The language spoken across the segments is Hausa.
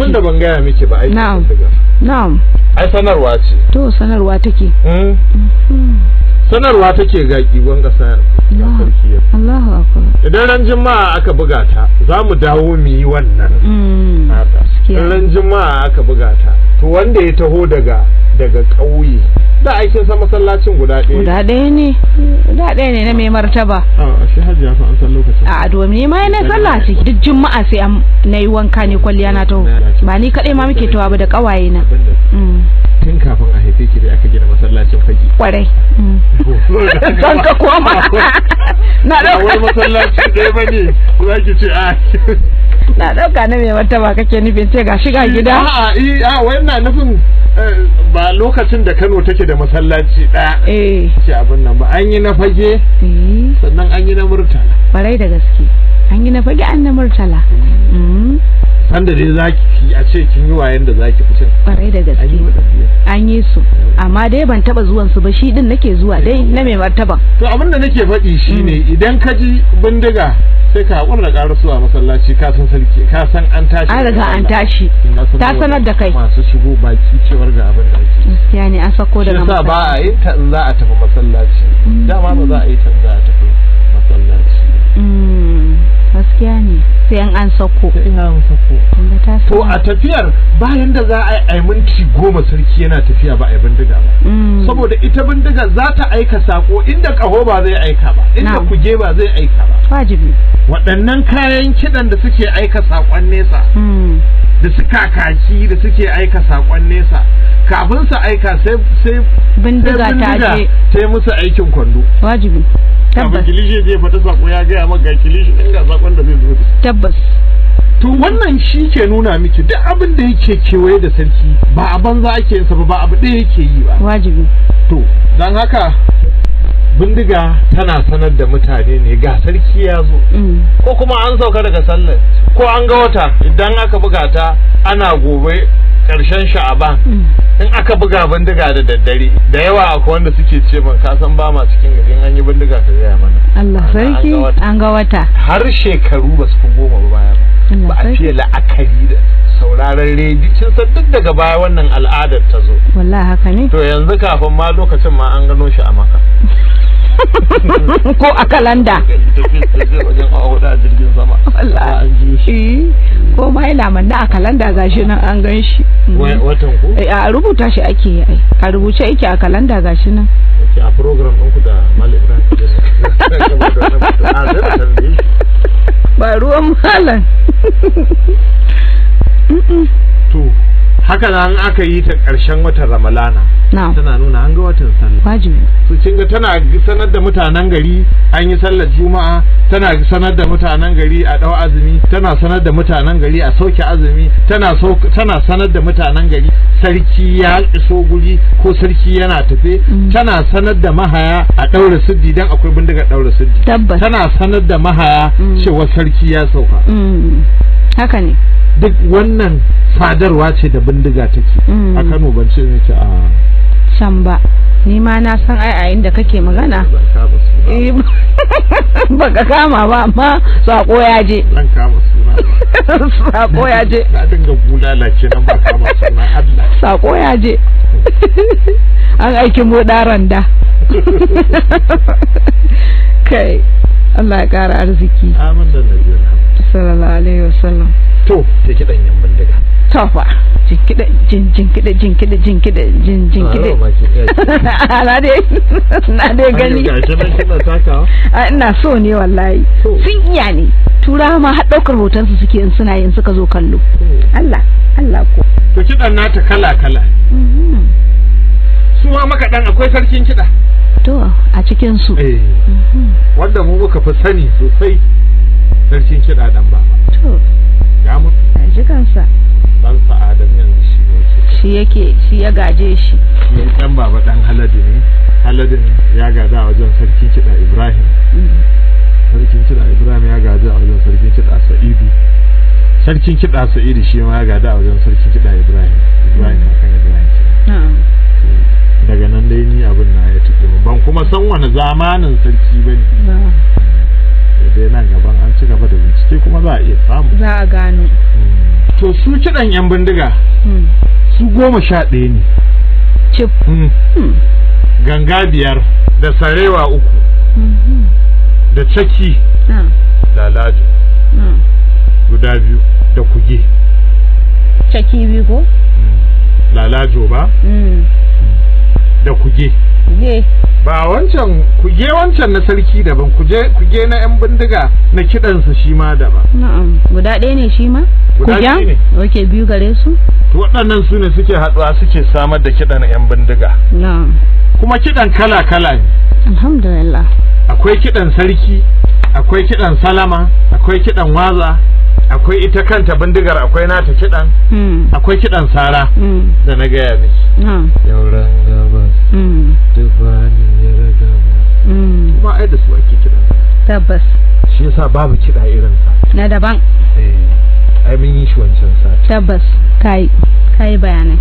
abinda da ban gaya miki ba aiki na'am na'am ai sanarwa ce to sanarwa take hmm? mhm. sanarwa take ga gigon ƙasa idan ran jima'a aka buga ta za mu dawo mu yi wannan mm, idan ran jima'a aka buga ta to wanda ya taho daga daga ƙauye da aikin sa masallacin guda ɗaya guda ɗaya ne guda ɗaya ne na mai martaba a shi hajji ya an san lokacin a domin ma yana sallah ce duk juma'a sai an nayi wanka ne kwalliya na taho ba ni kaɗai ma muke tawa ba da ƙawaye na mm. tun kafin a sai ki aka gina masallacin fage kwarai mm. don ka koma na ɗauka masallaci ɗaya bane za ki ce a ah. na dauka na mai martaba kake nufin ce ga shiga mm, gida a'a a wannan nufin eh, ba lokacin da Kano take da masallaci ɗaya ce eh. abin nan ba an yi na fage eh. sannan an yi na murtala kwarai da gaske an yi na fage an na murtala mm. sanda dai zaki a ce kin yi wayan da zaki fitin kwarai da gaske an yi su amma dai ban taba zuwan su ba shi din nake zuwa dai na mai martaba to abin da nake faɗi shine mm. idan ka ji bindiga sai ka hakura da karasuwa masallaci ka san sarki ka san an tashi an riga an tashi ta sanar da kai masu shigo baki cewar ga abin da ake gaskiya ne an sako daga masallaci mm. ba a yi ta in za a tafi masallaci dama mm. ba za a yi ta za a tafi masallaci gaskiya ne sai an an sako sai an sako to a tafiyar bayan da za a yi minti goma sarki yana tafiya ba a yi bindiga ba mm. saboda ita bindiga za ta aika sako inda kaho ba zai aika ba inda kuge ba zai aika ba wajibi waɗannan kayan kiɗan da suke aika sakon nesa mm. da su kakaki da suke aika sakon nesa kafin su aika sai sai bindiga ta je sai musu aikin kwando wajibi tabbas kafin kilishi zai fata sako ya gaya maka ga kilishi din ga sakon da zai zo tabbas to wannan shi ke nuna miki duk abin da yake kewaye da sarki ba a banza ake yin sa ba abu ɗaya yake yi ba wajibi to dan haka bindiga tana sanar da mutane ne ga sarki ya zo mm. ko kuma an sauka daga sallar ko an ga wata idan aka buga ta ana gobe karshen sha'aban mm. in aka buga bindiga da daddare da yawa akwai wanda suke ce ma kasan ba ma cikin gari an yi bindiga ka gaya mana Allah sarki an ga wata har shekaru ba su goma ba baya ba a fiye la'akari da sauraron rediyo kin san duk daga baya wannan al'adar ta zo wallahi haka ne to yanzu kafin ma lokacin ma an gano shi a maka ko a kalanda eh, ko ma yana manna a kalanda shi nan an gan shi mm. watan ko eh, a rubuta shi ake yi a rubuce yake a kalanda shi nan a program ku da malibran ba ruwan malam to haka nan aka yi ta ƙarshen watan ramalana tana nuna an ga watan sallah wajibi to kin ga tana sanar da mutanen gari an yi sallar juma'a tana sanar da mutanen gari a dau azumi tana sanar da mutanen gari a sauke azumi tana tana sanar da mutanen gari sarki ya iso guri ko sarki yana tafe mm. tana sanar da mahaya a daura siddi dan akwai bindiga daura siddi tana sanar da mahaya mm. cewa sarki ya sauka mm. haka ne duk wannan sadarwa ce da bindiga take mm. a Kano ban ce miki a can ba ni ma na san ai a inda kake magana eh, ba ka kama ba amma sako ya je sako ya je na dinga bulala nan ba kama suna Allah sako ya je an aikin mu daran da kai Allah ya kara arziki amin da nabi sallallahu alaihi wasallam to sai kiɗan yan bindiga to fa jinkida jinkida jinkida jinkida jinkida na dai na dai gani a ina so ne wallahi sun iya ne tura ma har ɗaukar hoton su suke in suna yin suka zo kallo Allah Allah ko to kiɗan nata kala kala mhm. su ma makaɗan akwai sarkin kiɗa to a cikin su eh. mhm. wanda mu muka fi sani sosai sarkin kiɗa ɗan baba to ya mutu a ji kansa dan sa'adan yanzu shi ne shi yake shi ya gaje shi ne dan baba dan haladu ne haladin ya gada a wajen sarki kiɗa ibrahim mm. sarkin kiɗa ibrahim ya gada a wajen sarkin kiɗa sa'idu sarkin kiɗa sa'idu shi ma ya gada a wajen sarkin kiɗa ibrahim ibrahim kakan ibrahim daga nan dai ni abin na ya tuɗe ban kuma san wani zamanin sarki ba ne dai nan gaban an ci gaba da bincike kuma za a iya samu za a gano to su kiɗan yan bindiga hmm. su goma sha ɗaya ne cif hmm. Hmm. ganga biyar da sarewa uku da caki da laju guda biyu da kuge caki biyu ko lalajo ba da kuge ba wancan kuge wancan na sarki daban kuje kuge na yan bindiga na kidansa shi ma daban na'am guda ɗaya ne shi ma guda ne oke biyu gare su to waɗannan su ne suke haɗuwa suke samar da kidan yan bindiga na'am kuma kidan kala kala ne alhamdulillah akwai kidan sarki akwai kidan salama akwai kidan waza akwai ita kanta bindigar akwai nata kidan hmm. akwai kidan sara hmm. da na gaya miki yauran gabas hmm. Dubani ya raga ba ai da su ake kidan tabbas shi yasa babu kida irin sa na daban eh, ai mun yi shi wancan sa tabbas kai kai bayanai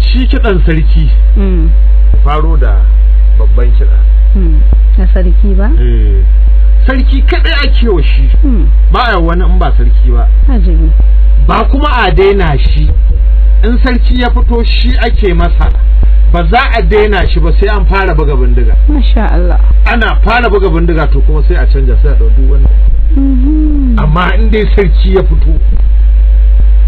shi kidan sarki faro da babban kida na sarki ba eh sarki kaɗai a wa shi hmm. ba a wani in ba sarki ba ba kuma a daina shi in sarki ya fito shi ake masa ba za a daina shi ba sai an fara buga bindiga masha Allah ana fara buga bindiga to kuma sai a canja sai a ɗau wanda mhm. amma in dai sarki ya fito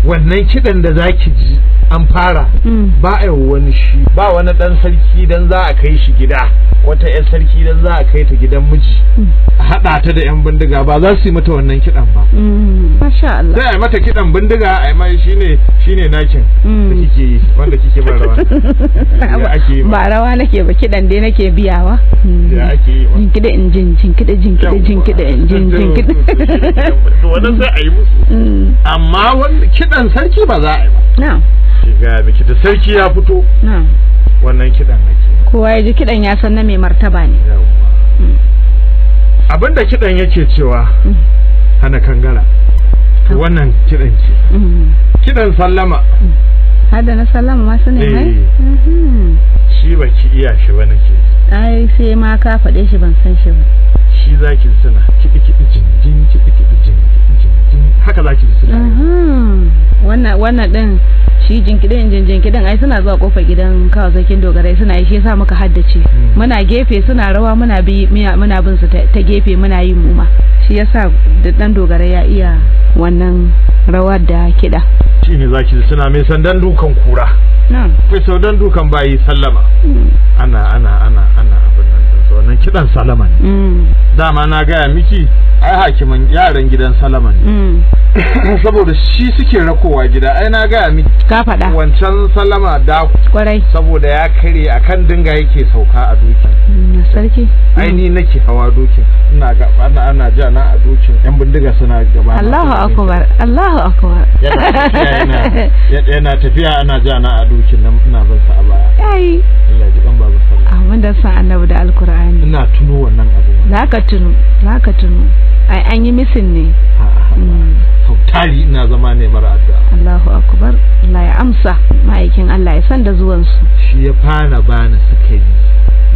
wannan kidan da zaki ji an fara mm. ba a wani shi ba wani dan sarki dan za a kai shi gida wata yan sarki dan za a kai ta gidan miji mm. a hada ta da yan bindiga ba za su yi mata wannan kidan ba mm. masha Allah sai a mata kidan bindiga a mai shine shine nakin da kike yi wanda kike ba rawa ba rawa nake ba kidan dai nake biyawa ya ake jin kida in jin jin kida jin kida jin kida in jin jin wannan sai a yi musu amma wannan kiɗan sarki ba za a yi ba shiga miki da sarki ya fito wannan kiɗan ake kowa ya ji kiɗan ya san na mai martaba ne abinda kiɗan yake cewa mm. hana kangara mm. wannan kiɗan ce mm. kiɗan sallama hada na sallama masu ne mai eh. mm-hmm. shi ba ki iya shi ba nake ai sai ma ka faɗe shi ban san shi ba shi zaki suna kiɗi kiɗi jin jin kiɗi kiɗi jin haka za ki ji mhm. wannan wannan din shi jinkidin injin jinkidin ai suna zuwa kofar gidan kawasakin dogarai suna yi shi yasa muka haddace hmm. muna gefe suna rawa muna bi muna bin su ta gefe muna yin muma shi yasa dan dogarai ya iya wannan rawar da kida shi ne zaki ji suna mai sandan dukan kura mai sandan dukan bayi sallama hmm. ana ana ana ana wannan kidan salama ne mm. dama na gaya miki ai hakiman yaran gidan salama ne mm. saboda shi suke rakowa gida ai na gaya miki ka faɗa wancan salama da kwarai saboda ya kare akan dinga yake sauka a dokin. Mm, sarki ai ni nake hawa dokin ina ga ana ana ja na a dokin yan bindiga suna gaba Allahu akbar Allahu akbar yana tafiya ana ja na a dokin nan ina zan sa a baya ai Allah ji kan ba abin da san annabi da alkur'ani ina tuno wannan abu za ka tuno za ka tuno ai an yi misin ne mm. tari ina zama ne mara addu'a Allahu akbar Allah ya amsa ma'aikin Allah ya san da zuwan su shi ya fara bana sukari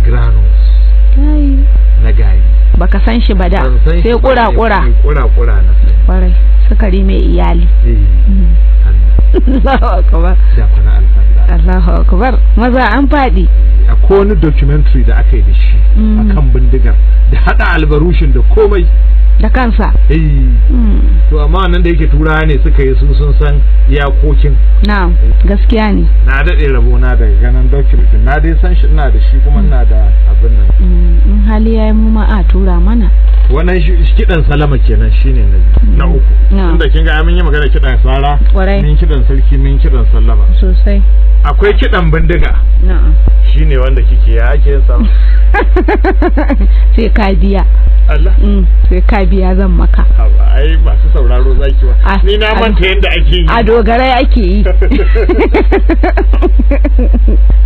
granules na gari baka san shi ba da sai kura kura kura kura na sai sukari mai iyali eh, mm. Allahu akbar da kana alfarda Allahu akbar maza an faɗi akwai wani documentary da aka yi da shi mm. akan bindigar da hada albarushin da komai da kansa eh to amma nan da yake tura ne suka yi sun sun san iyakokin na'am gaskiya ne na dade rabo na daga ganin document na dai san shi ina da shi kuma ina da abin nan mm, in hali yayi mu ma a tura mana wannan kidan salama kenan shine na na mm. uku tunda kin ga mun yi magana kidan sara min kidan sarki min kidan salama sosai akwai kidan bindiga na'am shine wanda kike yake yin sa sai ka biya Allah mm, sai ka biya zan maka ai masu sauraro za ki ba ah, ni na manta yadda ake yi a dogarai ake yi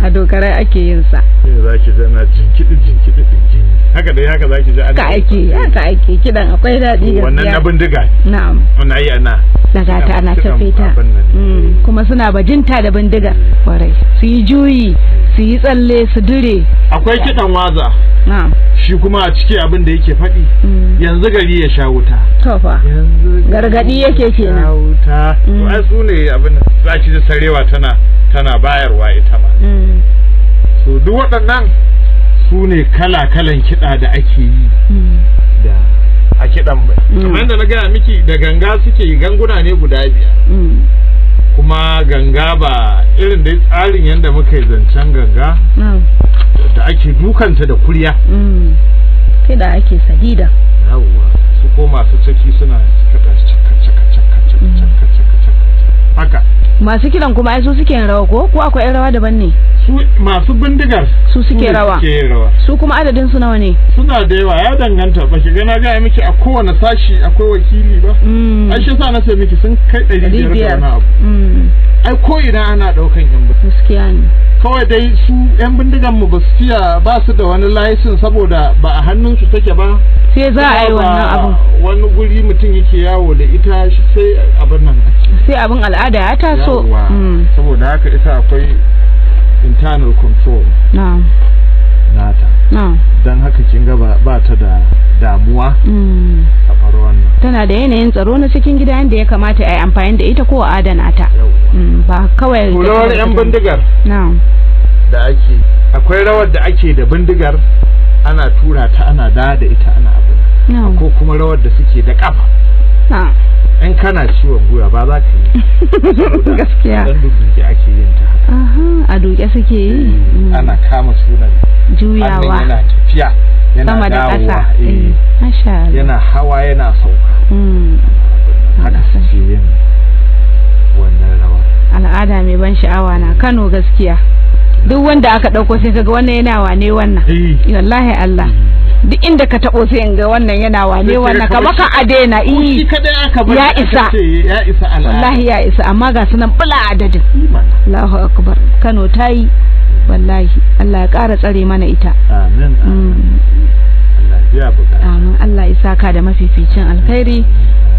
a dogarai ake yin sa ne zaki ji ana jinkidi jinkidi jinkidi haka dai haka za zaki ji ana ake haka ake kidan akwai daɗi wannan na bindiga na'am wannan yi ana daga ta ana tafeta mm, kuma suna bajinta da bindiga kwarai su yi juyi su yi tsalle su dire akwai kidan waza na'am shi kuma a ciki abin da yake faɗi gargadi mm. yanzu gari ya sha wuta gargaɗi yake kenan na wuta to mm. su ne abin da da sarewa tana tana bayarwa ita ma mm. so duk waɗannan su ne kala-kalan kiɗa da ake yi da a kiɗan ba kamar yadda na gaya miki da ganga suke ganguna ne guda biyar kuma ganga ba irin da tsarin yadda muka yi zancen ganga da ake dukanta da kurya da ake sahida yawwa su ko masu ciki suna kiɗa mm. haka masu kiɗan kuma ai su suke rawa ko ko akwai rawa daban ne masu bindigar su suke rawa su kuma adadin su nawa ne suna da yawa ya danganta ba ki gana ga miki a kowane sashi akwai wakili ba mm. ai shi sa na sai miki sun kai 500 da wani abu mm. ai ko ina ana daukan yan gaskiya ne kawai dai su yan bindigar mu ba su fiya ba su da wani layisin saboda ba a hannun su take ba sai za a yi wannan abu wani guri mutum yake yawo da ita sai abin nan sai abin al'ada ya taso mm. saboda haka ita akwai internal control Na nata Na. dan haka kin ga ba ta da damuwa mm. a faru wannan tana da yanayin tsaro na cikin gida yadda ya kamata a yi amfani da ita ko a adana ta mm, ba kawai rawar yan bindigar na da ake akwai rawar da ake da bindigar ana tura ta ana da da ita ana abin ko kuma rawar da suke da kafa in kana ciwon guya ba za ka yi gaskiya dan dubuke ake yin ta a duke suke yi eh, ana mm. kama sunan juyawa yana tafiya yana dawowa eh, eh, yana hawa yana sauka mm. haka suke yin wannan rawa al'ada mai ban sha'awa na Kano gaskiya duk wanda aka ɗauko sai kaga wannan yana wane wannan wallahi Allah duk inda ka taɓo sai ga wannan yana wane wannan ka baka a daina yi ya isa ya isa wallahi ya isa amma ga sunan bula adadin Allahu akbar Kano ta yi wallahi Allah ya ƙara tsare mana ita amin mm. Allah ya saka da mafificin alkhairi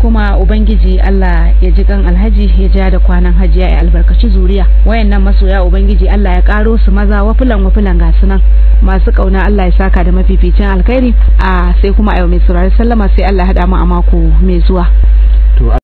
kuma ubangiji Allah ya ji kan alhaji ya ja da kwanan hajiya ya albarkaci zuriya wayannan masoya ubangiji Allah ya karo su maza wafulan wafulan ga sunan masu kauna Allah ya saka da mafificin alkhairi a sai kuma a yau mai saurari sallama sai Allah ya hada mu a mako mai zuwa